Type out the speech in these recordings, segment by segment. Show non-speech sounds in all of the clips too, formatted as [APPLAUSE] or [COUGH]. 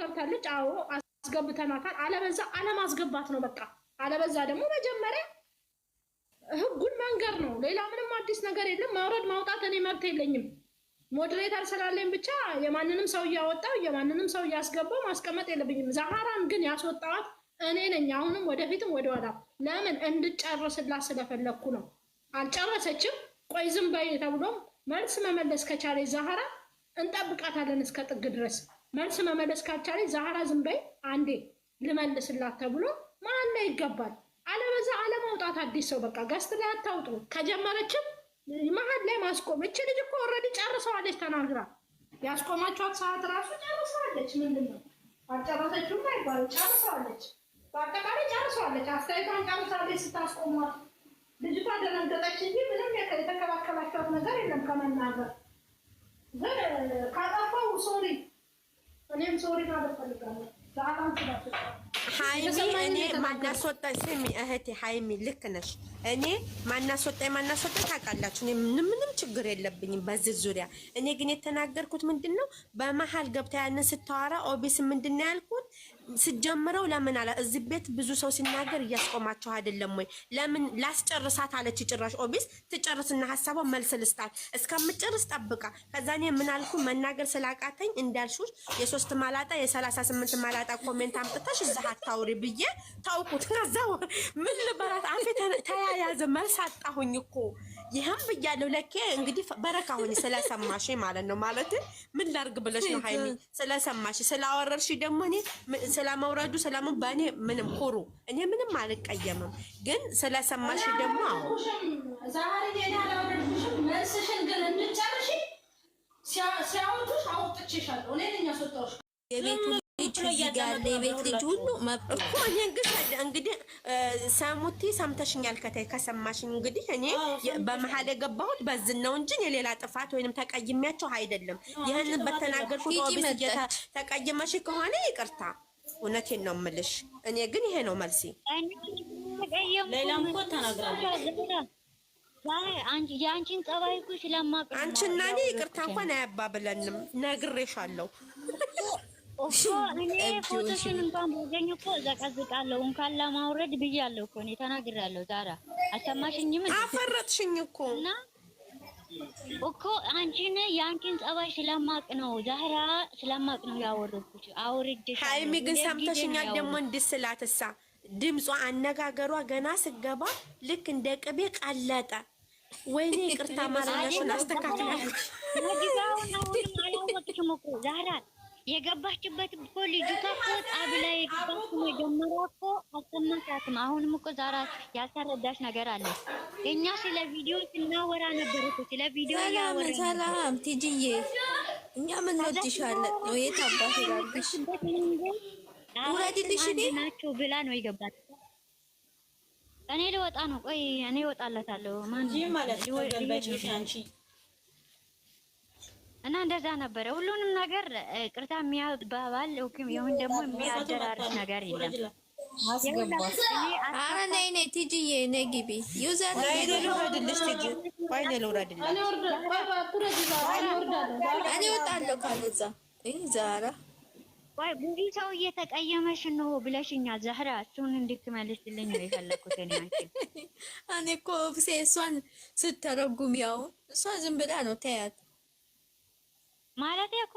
ገብታለች። አዎ አስገብተናታል። አለበዛ አለማስገባት ነው በቃ። አለበዛ ደግሞ መጀመሪያ ህጉን መንገር ነው። ሌላ ምንም አዲስ ነገር የለም። ማውረድ ማውጣት እኔ መብት የለኝም። ሞዴሬተር ስላለኝ ብቻ የማንንም ሰው እያወጣው የማንንም ሰው እያስገባው ማስቀመጥ የለብኝም። ዛሃራን ግን ያስወጣዋት እኔ ነኝ። አሁንም ወደፊትም ወደኋላ ለምን እንድጨርስላት ስለፈለግኩ ነው። አልጨረሰችም። ቆይ ዝም በይ ተብሎም መልስ መመለስ ከቻለ ዛሃራ እንጠብቃታለን እስከ ጥግ ድረስ። መልስ መመለስ ካልቻለ ዛህራ ዝም በይ አንዴ ልመልስላት ተብሎ መሀል ላይ ይገባል። አለበዛ አለማውጣት አዲስ ሰው በቃ ገስት ላይ አታውጡ። ከጀመረችም መሀል ላይ ማስቆም። እች ልጅ እኮ ኦልሬዲ ጨርሰዋለች ተናግራ ያስቆማቸዋት ሰዓት ራሱ ጨርሰዋለች። ምንድን ነው አልጨረሰችም አይባልም፣ ጨርሰዋለች። በአጠቃላይ ጨርሰዋለች። አስተያየቷን ጨርሳለች። ስታስቆሟት ልጅቷ ደነገጠች እንጂ ምንም የተከላከላቸዋት ነገር የለም ከመናገር ግን ካጠፋው ሶሪ கல்யாணம் சோறு நாடு பண்ணிருக்காங்க ராதாம் சுபாஷ் ሀይሚ እኔ ማናስወጣኝ ስሚ እህቴ ሀይሚ ልክ ነሽ። እኔ ማናስወጣ ማናስወጣኝ ታውቃላችሁ። እኔ ምንም ችግር የለብኝም በዚህ ዙሪያ። እኔ ግን የተናገርኩት ምንድን ነው በመሀል ገብታ ያንን ስታወራ ኦቢስ ምንድን ነው ያልኩት ስጀምረው ለምን አላ እዚህ ቤት ብዙ ሰው ሲናገር እያስቆማቸው አይደለም ወይ? ለምን ላስጨርሳት አለች። ጭራሽ ኦቢስ ትጨርስና ሀሳቧ መልስ ልስጣት እስከምጨርስ ጠብቃ። ከዛ እኔ ምን አልኩ መናገር ስላቃተኝ እንዳልሹሽ የሶስት ማላጣ የሰላሳ ስምንት ማላጣ ኮሜንት አምጥተሽ እዛ እንደዚህ አታውሪ ብዬ ታውቁት። ከዛ ምን ልበላት አፌ ተያያዘ። መልስ አጣሁኝ እኮ ይህም ብያለሁ። ለኬ እንግዲህ በረካ ሁኝ ስለሰማሽ ማለት ነው። ማለት ምን ላርግ ብለሽ ነው ሀይሚ? ስለሰማሽ ስላወረርሽ ደግሞ እኔ ስለመውረዱ ስለምን በእኔ ምንም ኩሩ፣ እኔ ምንም አልቀየምም። ግን ስለሰማሽ ደግሞ ዛሬ ሌላ ላወረድሽም መልስሽን ግን እንጨርሽ ሲያወጡሽ አውጥቼሻለሁ እኔ ነኝ ያስወጣሁሽ የቤቱ ያለ የቤት ልጅ ሁሉ መብት እኮ እኔ እንግዲህ ሰሙቲ ሰምተሽኛል። ከታይ ከሰማሽኝ እንግዲህ እኔ በመሀል የገባሁት በዝን ነው እንጂ የሌላ ጥፋት ወይንም ተቀይሜያቸው አይደለም። ይህንን በተናገርኩት ተቀይመሽ ከሆነ ይቅርታ፣ እውነቴን ነው የምልሽ። እኔ ግን ይሄ ነው መልሲ። ሌላም እኮ ተናግራለች። የአንቺን ጸባይ እኮ ስለማውቅ አንቺና እኔ ይቅርታ እንኳን አያባብለንም። ነግሬሻለሁ። እኔ ፎቶሽን እንኳን ባገኝ እኮ ዘቀዝቃለሁ። እንኳን ለማውረድ ብያለሁ እኮ እኔ ተናግራለሁ። ዛራ አልሰማሽኝም? አፈረጥሽኝ እኮ እና እኮ አንቺን የአንቺን ጸባይ ስለማቅ ነው ዛራ ስለማቅ ነው ያወረድኩት። አውርድ ሀይሚ ግን ሰምተሽኛል። ደግሞ እንድስላትሳ ድምጿ አነጋገሯ ገና ስገባ ልክ እንደ ቅቤ ቀለጠ። ወይኔ ይቅርታ ማለሽን አስተካክላለች። ዛራ የገባችበት እኮ ልጅቷ እኮ ጣብ ላይ የገባች መጀመሪያ እኮ አልሰማቻትም። አሁንም እኮ ዛራ ያልተረዳሽ ነገር አለ። እኛ ስለ ቪዲዮ ስናወራ ነበር እኮ ስለ ቪዲዮ ያወራ። ሰላም ትጅዬ፣ እኛ ምን ወድሻለን ነው የታባት ይላልሽ ውረድልሽ ናቸው ብላ ነው የገባት። እኔ ልወጣ ነው። ቆይ እኔ እወጣለታለሁ። ማን ማለት ነው? እና እንደዛ ነበረ። ሁሉንም ነገር ቅርታ የሚያባባል ይሁን ደግሞ የሚያደራርስ ነገር የለም። ኧረ ነይ ነይ ትጂዬ ነይ ግቢ ዩዘር ካለዛ ዛራ ቆይ ሰው እየተቀየመሽ እንሆ ብለሽኛል ዛህራ እሱን እንድትመልስልኝ ነው የፈለኩት እኔ አንቺን እኔ እኮ እሷን ስተረጉም ያው እሷ ዝም ብላ ነው ተያት ማለት እኮ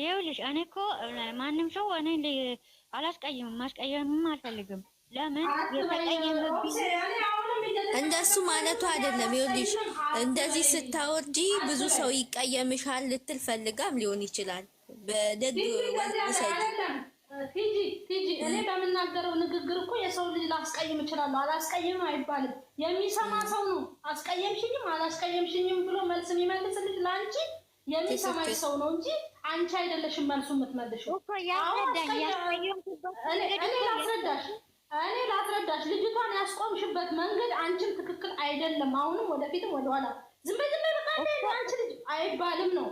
ይኸውልሽ፣ እኔ እኮ ማንም ሰው እኔ አላስቀይምም፣ ማስቀየምም አልፈልግም። ለምን የተቀየመብኝ እንደሱ ማለቱ አይደለም። ይኸውልሽ፣ እንደዚህ ስታወርጂ ብዙ ሰው ይቀየምሻል ልትል ፈልጋም ሊሆን ይችላል። በደግ ወሰጅ ቲጂ ቲጂ እኔ በምናገረው ንግግር እኮ የሰው ልጅ ላስቀይም እችላለሁ። አላስቀይም አይባልም። የሚሰማ ሰው ነው አስቀየምሽኝም አላስቀየምሽኝም ብሎ መልስ የሚመልስልሽ ለአንቺ የሚሰማኝ ሰው ነው እንጂ አንቺ አይደለሽም መልሱ የምትመልሽው። እኔ ላስረዳሽ እኔ ላስረዳሽ ልጅቷን ያስቆምሽበት መንገድ አንቺም ትክክል አይደለም። አሁንም ወደፊትም ወደኋላ ዝም በዝም አንቺ ልጅ አይባልም ነው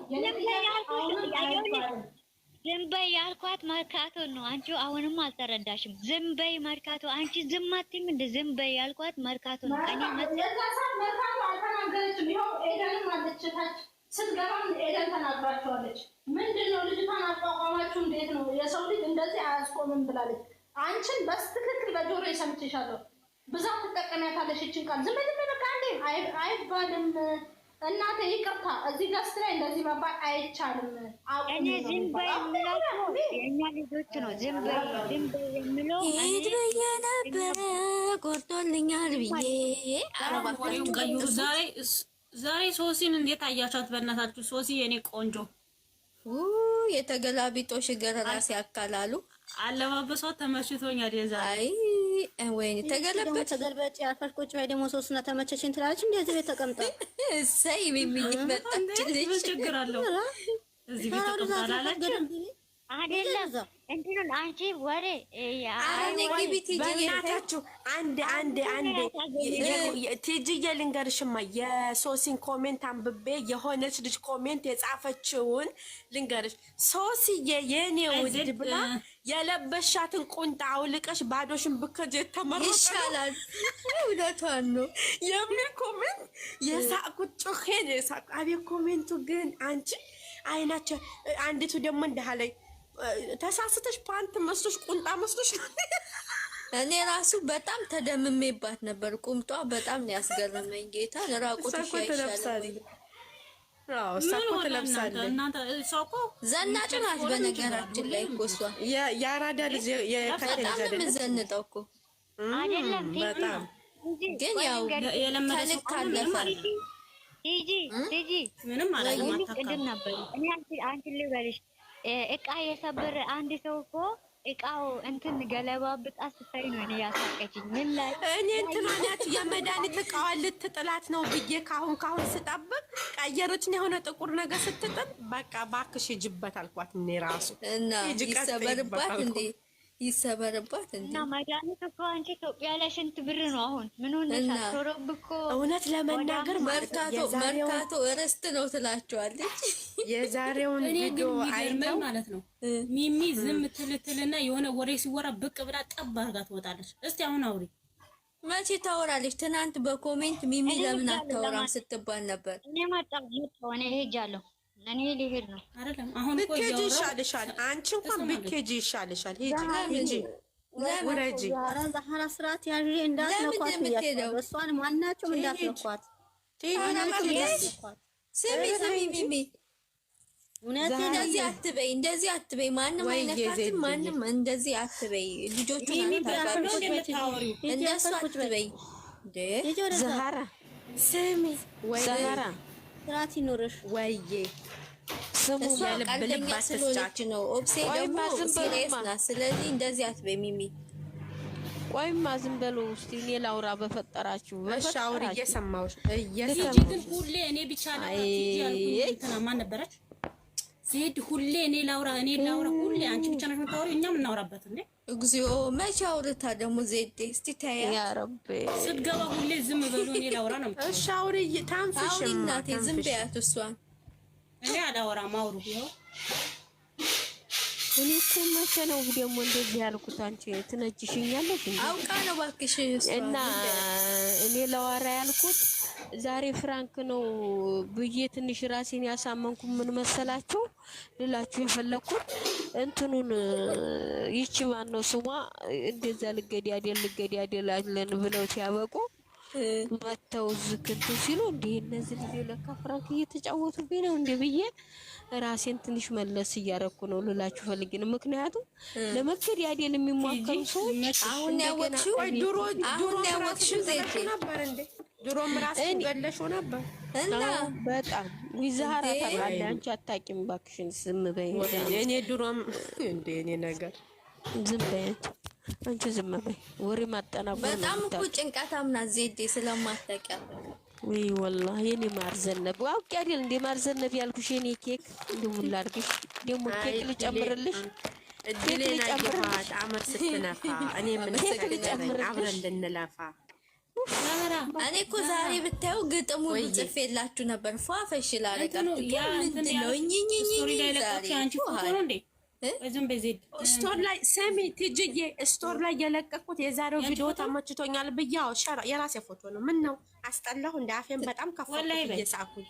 ዝም በይ ያልኳት መርካቶ ነው። አንቺ አሁንም አልተረዳሽም። ዝም በይ መርካቶ፣ አንቺ ዝም አትይም እንደ ዝም በይ ያልኳት መርካቶ ነው። እኔ መርካቶ አልተናገረችም። ይኸው ኤደንም አለች ታች ስትገባም ኤደን ተናግራቸዋለች። ምንድን ነው ልጅቷን አቋቋማችሁ እንዴት ነው የሰው ልጅ እንደዚህ አያስቆምም ብላለች። አንቺን በስትክክል በጆሮ የሰምችሻለሁ። ብዛት ትጠቀሚያታለሽ ይችን ቃል ዝም ዝም በቃ አንዴ አይባልም። እናተ ይቅርታ፣ እዚህ ገስት ላይ እንደዚህ መባል አይቻልም። እኔ ዝም በይ የምለው የእኛ ልጆች ነው። ዝም በይ ዝም በይ የምለው ሂድ በያ ነበረ ቆርጦልኛል ብዬ አረባቸውን ቀዩ ዛሬ ዛሬ ሶሲን እንዴት አያቻት? በእናታችሁ ሶሲ የኔ ቆንጆ የተገላቢጦሽ ገረራ ሲያካላሉ አለባበሷ ተመችቶኛል። የዛሬ አይ ወይኔ ተገለበጥ ተገልበጥ ያፈር ቁጭ በይ ደግሞ ሶስና ተመቸሽን ትላለች። እንደዚህ ቤት ተቀምጣ እሰይ ምን መጣች ልጅ ችግር አለው እዚህ ቤት ተቀምጣ [LAUGHS] አይደለም ልንገርሽማ የሶሲን ኮሜንት አንብቤ የሆነች ልጅ ኮሜንት የጻፈችውን ልንገርሽ። ሶሲዬ የኔ ውድ ብላ የለበሻትን ቁንጣ አውልቀሽ ባዶሽን ብከጅ የተመረጠ ይሻላል። እውነቷን ነው የሚል ኮሜንት አቤት ኮሜንቱ ግን አንቺ አይናቸው አንዲቱ ደግሞ እንደሃለኝ ተሳስተሽ ፓንት መስሎሽ ቁንጣ መስሎሽ [LAUGHS] እኔ ራሱ በጣም ተደምሜባት ነበር። ቁምጧ በጣም ነው ያስገረመኝ። ጌታ ለራቁት ይሻላል። ዘናጭ ናት። በነገራችን ላይ እኮ እሷ የአራዳ ልጅ በጣም የምዘንጠው እኮ በጣም ግን ያው ከልክ አለፈ። ምንም አንቺን ልበልሽ እቃ የሰብር አንድ ሰው እኮ እቃው እንትን ገለባ ብጣ ስታይ ነው እኔ ያሳቀችኝ። ምን ላይ እኔ እንትን እንትናኛት የመድኃኒት እቃዋን ልትጥላት ነው ብዬ ካሁን ካሁን ስጠብቅ ቀየሮችን የሆነ ጥቁር ነገር ስትጥል በቃ እባክሽ ሂጂበት አልኳት። እኔ ራሱ እና ይሰበርባት እንዴ ይሰበርባት እና መድኃኒት እኮ አንቺ ኢትዮጵያ ላይ ሽንት ብር ነው አሁን? ምን ሆነሻል? ሾሮብ እኮ እውነት ለመናገር መርካቶ መርካቶ እረስት ነው ትላቸዋለች። የዛሬውን ቪዲዮ አይተው ማለት ነው ሚሚ ዝም ትልትልና የሆነ ወሬ ሲወራ ብቅ ብላ ጠብ አርጋ ትወጣለች። እስቲ አሁን አውሪ መቼ ታወራለች? ትናንት በኮሜንት ሚሚ ለምን አታወራም ስትባል ነበር። እኔ ማጣ ሆነ ሄጃለሁ እኔ ሊሄድ ነው አይደለም። አሁን እኮ ብትሄጂ ይሻልሻል። አንቺ እንኳን ብትሄጂ ይሻልሻል። ሂጂ ሂጂ፣ ወረጂ። ኧረ ዛህራ ስርዓት ያዥ። እንዳትነኳት፣ እሷን ማናቸውም እንዳትነኳት። ስሚ ስሚ ሚሚ፣ እንደዚህ አትበይ፣ እንደዚህ አትበይ። ማንም አይነካትም። ማንም እንደዚህ አትበይ። ልጆቹ እንደሱ አትበይ። ዛህራ ስሚ፣ ዛህራ ስርዓት ይኖርሽ ወይዬ። ስሙ ቀልደኛ ስለሆነች ነው። ኦብሴ ደግሞ ሲሪየስ ስለዚህ እንደዚህ አትበይ ሚሚ። ቆይማ ዝም በሉ እስኪ እኔ ላውራ በፈጠራችሁ። እሺ እየሰማሁሽ እየሰማሁሽ። ግን ሁሌ እኔ ብቻ ነው ማን ነበረች? ዜድ ሁሌ እኔ ላውራ እኔ ላውራ ሁሌ አንቺ ብቻ ነሽ የምታወሪው። እኛም እናውራበት እንዴ። እግዚኦ መቼ አውርታ ደግሞ ዜድ እስቲ ታያ ያረብ ስትገባ ሁሌ ዝም በሉ እኔ ላውራ ነው። እሺ አውሪ ታንፍሽ እናቴ ዝም በያት እሷን እኔ አላወራም አውሩ ቢሆን እኔ እኮ መቼ ነው ደግሞ እንደዚህ ያልኩት? አንቺ ትነጅሽኛለሽ አውቃ ነው እባክሽ። እና እኔ ለዋራ ያልኩት ዛሬ ፍራንክ ነው ብዬ ትንሽ ራሴን ያሳመንኩ ምን መሰላችሁ ልላችሁ የፈለኩት እንትኑን ይቺ ማን ነው ስሟ እንደዛ ልገዲ አይደል ልገዲ አይደል አለን ብለው ሲያበቁ መተው ዝክቱ ሲሉ እንደ እነዚህ ልጆች ለካ ፍራንክ እየተጫወቱብኝ ነው እንደ ብዬ ራሴን ትንሽ መለስ እያረኩ ነው ልላችሁ ፈልግን። ምክንያቱም ያዴን የሚሟከሩ ሰዎች አሁን ያወቅሽው ድሮ ድሮ ያወቅሽው ዘይት ነበር እንዴ? ድሮም ራስ ገለሽ ነበር እና በጣም ዊዛራ ታውቃለህ። አንቺ አታውቂም። እባክሽን ዝም በይ። እኔ ድሮም እንደ እኔ ነገር ዝም በይ። አንቺ ዝም በይ። ወሬ ማጠናቆር በጣም እኮ ጭንቀት አምና ዜዴ ስለማታውቂያ ወይ ወላሂ የኔ ማር ዘነብ አውቄ አይደል እንደ ማር ዘነብ ያልኩሽ የኔ ኬክ እንደውላ አድርግሽ ደግሞ ኬክ ልጨምርልሽ እድሌ ናይፋት አመር ስትነፋ እኔ ምን ሰግደኝ አብረን ልንለፋ እኔ እኮ ዛሬ ብታዩ ግጥሙ ጽፌላችሁ ነበር ፏፈሽ ላረጋችሁ ምንድነው እኝኝኝኝ ዛሬ ስቶር ላይ ስሚ ትጅዬ ስቶር ላይ የለቀቁት የዛሬው ቪዲዮ ተመችቶኛል ብያው የራሴ ፎቶ ነው። ምን ነው አስጠላሁ? እንደ አፌን በጣም ከፎ እየሳኩኝ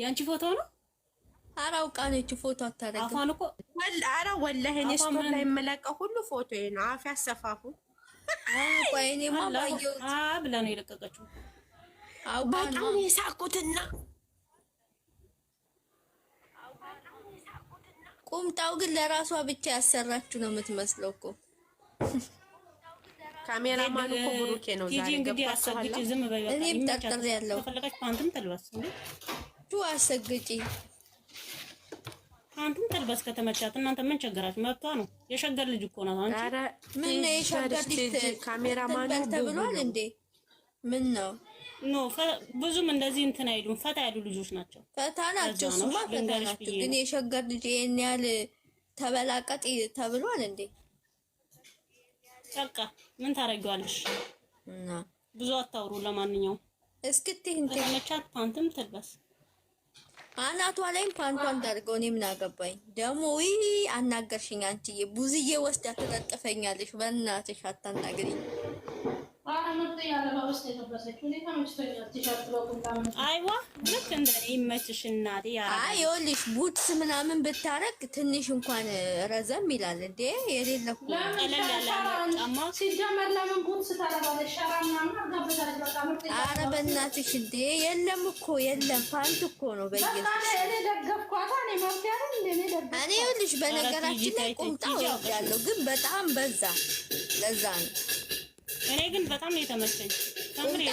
የአንቺ ፎቶ ነው። ኧረ አውቃለች ፎቶ አታደርግም እኮ ወላሂ እኔ ስቶር ላይ የምለቀው ሁሉ ፎቶ ነው። አፌ አሰፋፉ ብላ ነው የለቀቀችው። በጣም የሳኩትና ቁምጣው ግን ለራሷ ብቻ ያሰራችሁ ነው የምትመስለው እኮ። ካሜራማን እኮ ብሩኬ ነው ዛሬ ዝም እኔም ጠርጥር ያለው ቱ አሰግጪ አንቱም ተልበስ ከተመቻት እናንተ ምን ቸገራችሁ? መብቷ ነው። የሸገር ልጅ እኮ ናት። አንቺ ምን ነው የሸገር ልጅ ካሜራማን ተብሏል እንዴ? ምን ነው ኖ ብዙም እንደዚህ እንትን አይሉም። ፈታ ያሉ ልጆች ናቸው። ፈታ ናቸው። እሱማ ፈታ ናቸው። ግን የሸገር ልጅ ይሄን ያህል ተበላቀጥ ተብሏል እንዴ? በቃ ምን ታደርጊዋለሽ? ብዙ አታውሩ። ለማንኛውም እስክቲ እንተመቻት ፓንትም ትልበስ። አናቷ ላይም ፓንቷ እንዳድርገው እኔ ምን አገባኝ ደግሞ። ውይ አናገርሽኝ አንቺዬ። ቡዝዬ ወስድ ተጠጥፈኛለሽ። በእናትሽ አታናግሪኝ። አይዋ ልክ እንደ ይመችሽ እናቴ። አይ ይኸውልሽ ቡትስ ምናምን ብታረግ ትንሽ እንኳን ረዘም ይላል እንዴ የሌለ ኧረ በእናትሽ እንዴ የለም እኮ የለም ፓንት እኮ ነው በየሱስ እኔ ይኸውልሽ በነገራችን ላይ ቁምጣ ወዳለሁ ግን በጣም በዛ ለዛ ነው እኔ ግን በጣም ነው የተመቸኝ።